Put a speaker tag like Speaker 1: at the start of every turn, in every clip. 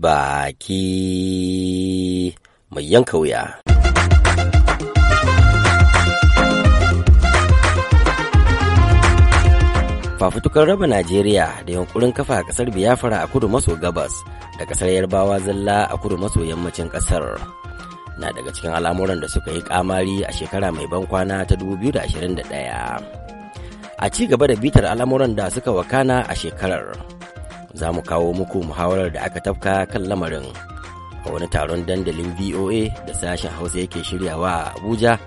Speaker 1: baki mai yanka wuya. fafutukar raba Najeriya da yankurin kafa a kasar Biafra a kudu maso gabas da kasar Yarbawa zalla a kudu maso yammacin ƙasar Na daga cikin al'amuran da suka yi kamari a shekara mai ban kwana ta 2021. A ci gaba da bitar al'amuran da suka wakana a shekarar. za mu kawo muku muhawarar da aka tafka kan lamarin a wani taron dandalin voa da sashen hausa yake shiryawa a abuja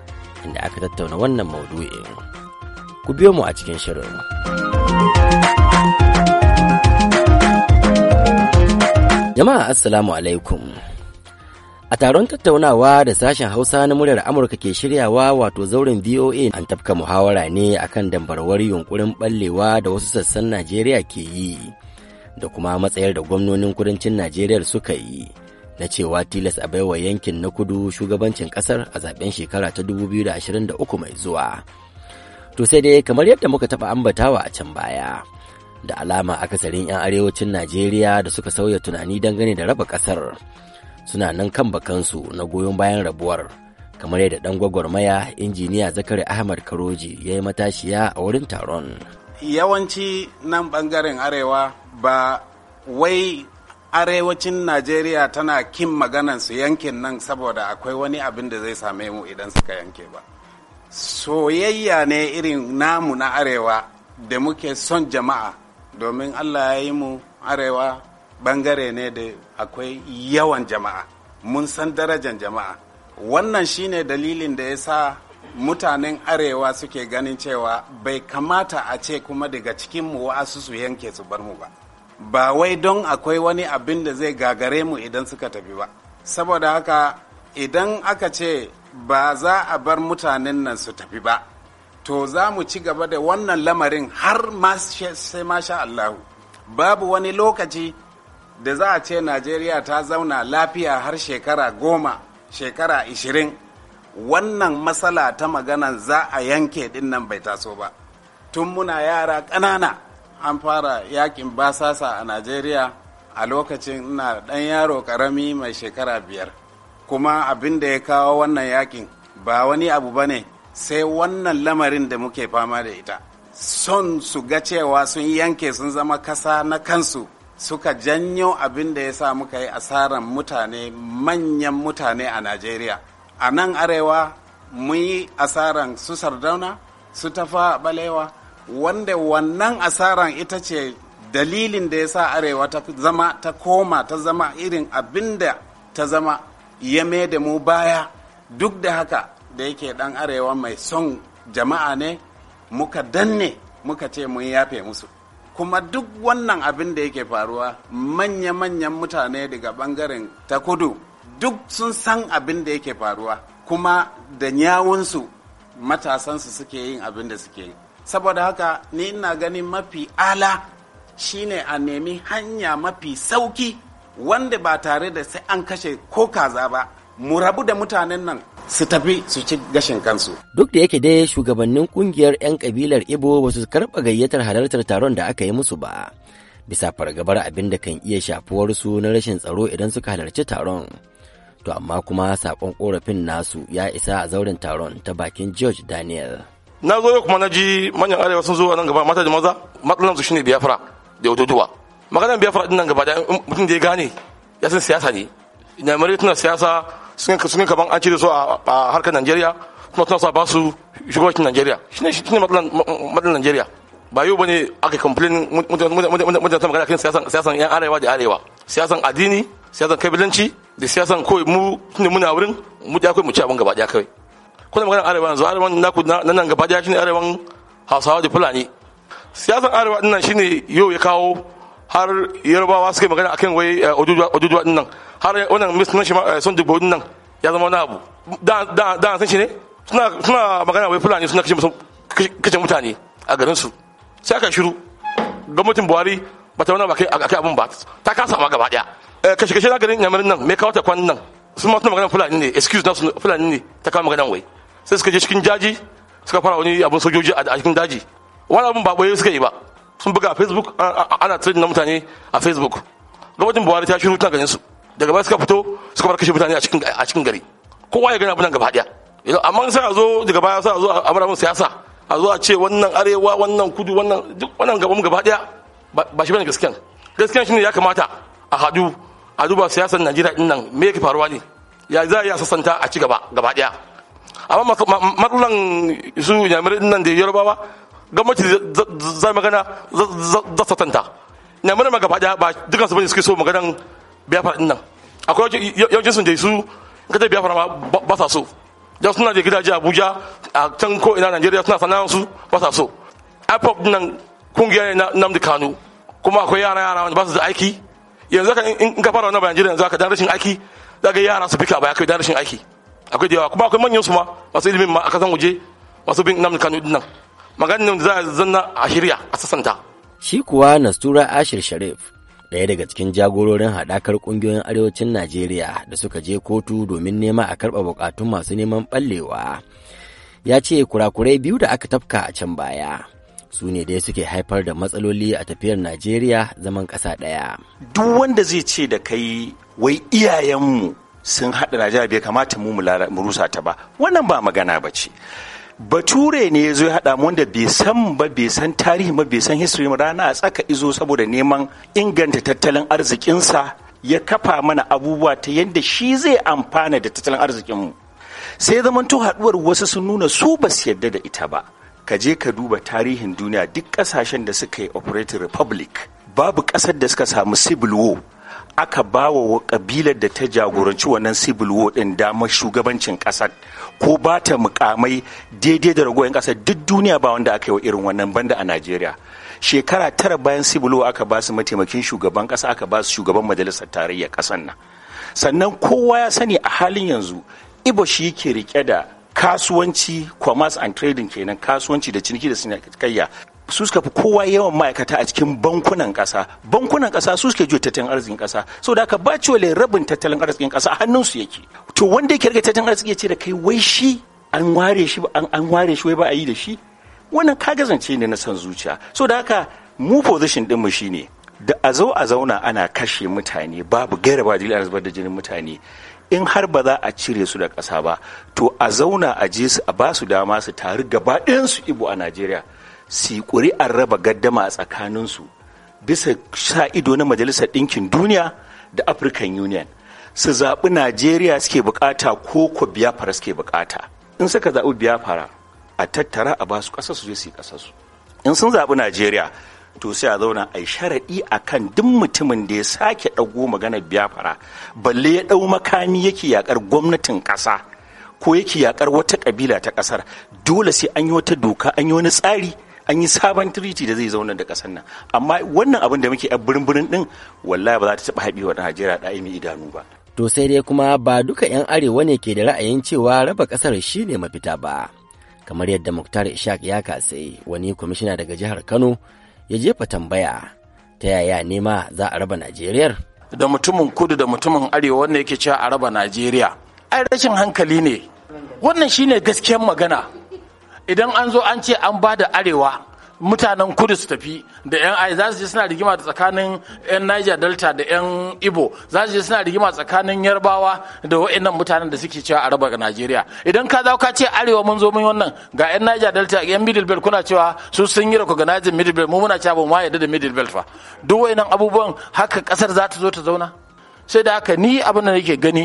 Speaker 1: inda aka tattauna wannan maudu'in ku biyo mu a cikin shirin jama'a assalamu alaikum a taron tattaunawa da sashen hausa na muryar amurka ke shiryawa wato zauren voa an tafka muhawara ne akan dambarwar yunkurin ɓallewa da wasu sassan najeriya ke yi da kuma matsayar da gwamnonin kudancin najeriya suka yi na cewa tilas a baiwa yankin na kudu shugabancin kasar a zaben shekara ta 2023 mai zuwa to sai dai kamar yadda muka taɓa ambatawa a can baya da alama akasarin 'yan arewacin najeriya da suka sauya tunani dangane da raba kasar suna nan kan bakansu na goyon bayan rabuwar kamar yadda ɗan gwagwarmaya injiniya zakari ahmad karoji ya yi matashiya a wurin taron
Speaker 2: yawanci nan ɓangaren arewa ba wai arewacin najeriya tana kin maganan su yankin nan saboda akwai wani abin da zai same mu idan suka yanke ba soyayya ne irin namu na arewa da muke son jama'a domin allah ya yi mu arewa bangare ne da akwai yawan jama'a mun san darajan jama'a wannan shine dalilin da ya sa mutanen arewa suke ganin cewa bai kamata a ce kuma daga cikinmu wasu su yanke su bar mu ba ba wai don akwai wani abin da zai gagare mu idan suka tafi ba saboda haka idan aka ce ba za a bar mutanen nan su tafi ba to za mu ci gaba da wannan lamarin har sai masha Allahu babu wani lokaci da za a ce najeriya ta zauna lafiya har shekara goma shekara ishirin wannan matsala ta magana za a yanke din nan bai taso ba tun muna yara ƙanana an fara yakin basasa a najeriya a lokacin na ɗan yaro ƙarami mai shekara biyar kuma abin da ya kawo wannan yakin ba wani abu ba ne sai wannan lamarin da muke fama da ita son su ga cewa sun yanke sun zama kasa na kansu suka janyo abin da ya sa muka yi asarar mutane manyan mutane a najeriya a nan arewa mun yi asaran su sardauna su tafa balewa wanda wannan asaran ita ce dalilin da ya sa arewa ta zama ta koma ta zama irin abin da ta zama ya da mu baya duk da haka da yake dan arewa mai son jama'a ne muka danne muka ce mun yafe musu kuma duk wannan abin da yake faruwa manya-manyan mutane daga bangaren ta kudu duk sun san abin da yake faruwa kuma da nyawunsu matasansu suke yin abin da suke yi saboda haka ni ina ganin mafi ala shine a nemi hanya mafi sauki wanda ba tare da sai an kashe ko kaza ba mu rabu da mutanen nan su tafi su ci gashin kansu.
Speaker 1: Duk da yake dai shugabannin kungiyar 'yan kabilar Ibo ba su karɓa gayyatar halartar taron da aka yi musu ba. bisa fargabar abin da kan iya shafuwarsu na rashin tsaro idan suka halarci taron. To amma kuma saƙon ƙorafin nasu ya isa a zauren taron ta bakin George Daniel.
Speaker 3: Na zo kuma na ji manyan arewa sun zo nan gaba mata da maza matsalansu shine biyafra da yototuwa. Maganar biyafra din nan gaba da mutum da ya gane ya san siyasa ne. mare tunan siyasa sun yi kaman an cire su a harkar Najeriya kuma tana sa ba su shugabancin Najeriya. Shine shine matsalan Najeriya. ba yau bane aka complain mutane ta magana kan siyasan siyasan yan arewa da arewa siyasan addini siyasan kabilanci da siyasan kawai mu ne muna wurin mu da kawai mu ci abin gaba daya kawai kuna magana arewa yanzu arewa na ku nan gaba daya shine arewan Hausawa da Fulani siyasan arewa dinnan shine yau ya kawo har yarbawa suke magana akan wai eh, ojujuwa dinnan har wannan mis eh, nan shi son dubo dinnan ya zama wani abu da da san shi ne suna suna magana wai Fulani suna kashe mutane a garin su sai aka shiru gwamnatin buhari ba ta wani ba kai abin ba ta kasa ma gaba daya eh, kashe kashe na garin yamarin nan mai kawo ta kwan nan sun ma magana fulani ne excuse nasu fulani ne ta kawo magana wai sai suka je cikin jaji suka fara wani abin sojoji a cikin daji wani abin ba boye suka yi ba sun buga a facebook ana trade na mutane a facebook gwamnatin buhari ta shiru tana ganin su daga baya suka fito suka bar kashe mutane a cikin gari kowa ya gani abin nan gaba daya amma sai a zo daga baya sai a zo a amara siyasa a zo a ce wannan arewa wannan kudu wannan duk wannan gaban gaba daya ba shi bane gaskiya gaskiya shine ya kamata a hadu a duba siyasar Najeriya din nan me yake faruwa ne ya za ya sasanta a ci gaba gaba daya amma matsalan su yamir din nan da Yarbawa gwamnati za magana za na mun ma gaba daya ba dukan su bane suke so maganan biyafar din nan akwai yau sun da su kada biyafar ma ba sa so da suna da gidaje abuja a can ko ina najeriya suna sana'ar su ba sa so ipop nan kungiya ne na da kano kuma akwai yara yara wanda ba su da aiki yanzu ka in ka fara wannan ba najeriya yanzu ka dan rashin aiki za yara su fika baya kai dan rashin aiki akwai da yawa kuma akwai manyan su ma masu ilimin ma a kasan waje masu bin namdi kano din nan maganin da za a zanna a shirya a sassanta
Speaker 1: shi kuwa nastura ashir sharif ɗaya daga cikin jagororin haɗakar ƙungiyoyin arewacin najeriya da suka je kotu domin nema a karɓa bukatun masu neman ɓallewa ya ce kurakurai biyu da aka tafka a can baya su ne dai suke haifar da matsaloli a tafiyar najeriya zaman ƙasa ɗaya
Speaker 4: duk wanda zai ce da kai wai iyayenmu sun haɗa najeriya bai kamata mu mu rusa ta ba wannan ba magana bace. bature ne ya zo ya haɗa mu wanda bai san ba bai san tarihi ba bai san history ba rana a tsaka izo saboda neman inganta tattalin arzikinsa ya kafa mana abubuwa ta yadda shi zai amfana da tattalin arzikinmu sai to haɗuwar wasu sun nuna su ba su yadda da ita ba ka je ka duba tarihin duniya duk ƙasashen da suka yi operating republic babu ƙasar da suka samu civil war aka ba wa kabilar da ta jagoranci wannan civil war ɗin damar shugabancin ƙasar ko ba ta mukamai daidai da ragowar ƙasa duk duniya ba wanda aka yi wa irin wannan banda a najeriya shekara tara bayan sibulo aka ba su mataimakin shugaban ƙasa aka ba su shugaban majalisar tarayya ƙasan nan sannan kowa ya sani a halin yanzu ibo shi yake rike da kasuwanci commerce and trading kenan kasuwanci da ciniki da sinakayya. su suka fi kowa yawan ma'aikata a cikin bankunan kasa bankunan ƙasa su suke juya tattalin arzikin kasa so da aka bacewa rabin tattalin arzikin kasa a hannunsu yake to wanda yake rage tattalin arziki ya ce da kai wai shi an ware shi an ware shi wai ba a yi da shi wannan kagazance ne na san zuciya so da haka mu position mu shine da a zo a zauna ana kashe mutane babu gairaba, ba dalilin zubar da jinin mutane in har ba za a cire su da ƙasa ba to a zauna a je su a ba su dama su taru gaba su ibo a najeriya su yi ƙuri'ar raba gaddama a tsakaninsu bisa sa ido na majalisar ɗinkin duniya da african union su zaɓi najeriya suke bukata ko ko biyafara suke bukata in suka zaɓi biyafara a tattara a basu ƙasa su je su yi su in sun zaɓi najeriya to sai a zauna a yi sharaɗi a kan duk mutumin da ya sake ɗago maganar biyafara balle ya ɗau makami yake yaƙar gwamnatin ƙasa ko yake yaƙar wata ƙabila ta ƙasar dole sai an yi wata doka an yi wani tsari an yi sabon tiriti da zai zauna da ƙasar nan amma wannan abin da muke a birin din wallahi ba za ta taɓa wa Najeriya da aimi idanu ba
Speaker 1: to sai dai kuma ba duka 'yan arewa ne ke da ra'ayin cewa raba ƙasar shine mafita ba kamar yadda muktar ishaq ya kasai wani kwamishina daga jihar kano ya jefa tambaya ta yaya nema za a raba najeriya
Speaker 5: da mutumin kudu da mutumin arewa wanda yake cewa a raba najeriya ai rashin hankali ne wannan shine gaskiyar magana idan an zo an ce an ba da arewa mutanen kudu su tafi da yan ai za su je suna rigima tsakanin yan niger delta da yan ibo za su je suna rigima tsakanin yarbawa da wa'annan mutanen da suke cewa a raba ga najeriya idan ka zawo ka ce arewa mun zo mun wannan ga yan niger delta yan middle belt kuna cewa su sun yi recognizing middle belt mu muna cewa ba yadda da middle belt fa duk wa'annan abubuwan haka kasar za ta zo ta zauna sai da haka ni abin da nake gani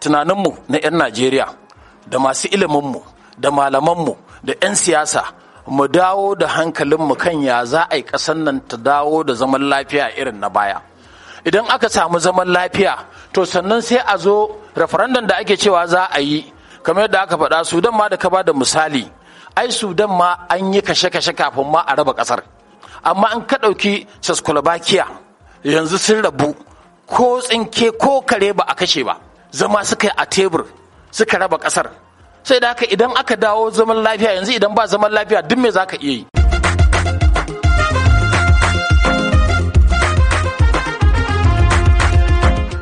Speaker 5: tunaninmu na yan najeriya da masu iliminmu mu da malamanmu da 'yan siyasa mu dawo da hankalinmu kan ya za a yi ƙasar nan ta dawo da zaman lafiya irin na baya idan aka samu zaman lafiya to sannan sai a zo referendum da ake cewa za a yi kamar yadda aka faɗa sudan ma da ka ba da misali ai sudan ma an yi kashe-kashe kafin ma a raba ƙasar amma an ka ɗauki saskulabakiya yanzu sun rabu ko tsinke ko kare ba a kashe ba zama suka yi a tebur suka raba ƙasar sai da haka idan aka dawo zaman lafiya yanzu idan ba zaman lafiya duk me za ka iya yi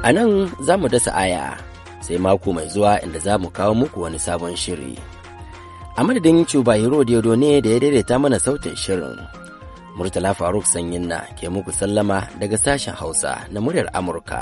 Speaker 1: a nan za mu dasa aya sai mako mai zuwa inda za mu kawo muku wani sabon shiri a madadin cuba hero diodo ne da ya daidaita mana sautin shirin murtala faruk sanyin na ke muku sallama daga sashen hausa na muryar amurka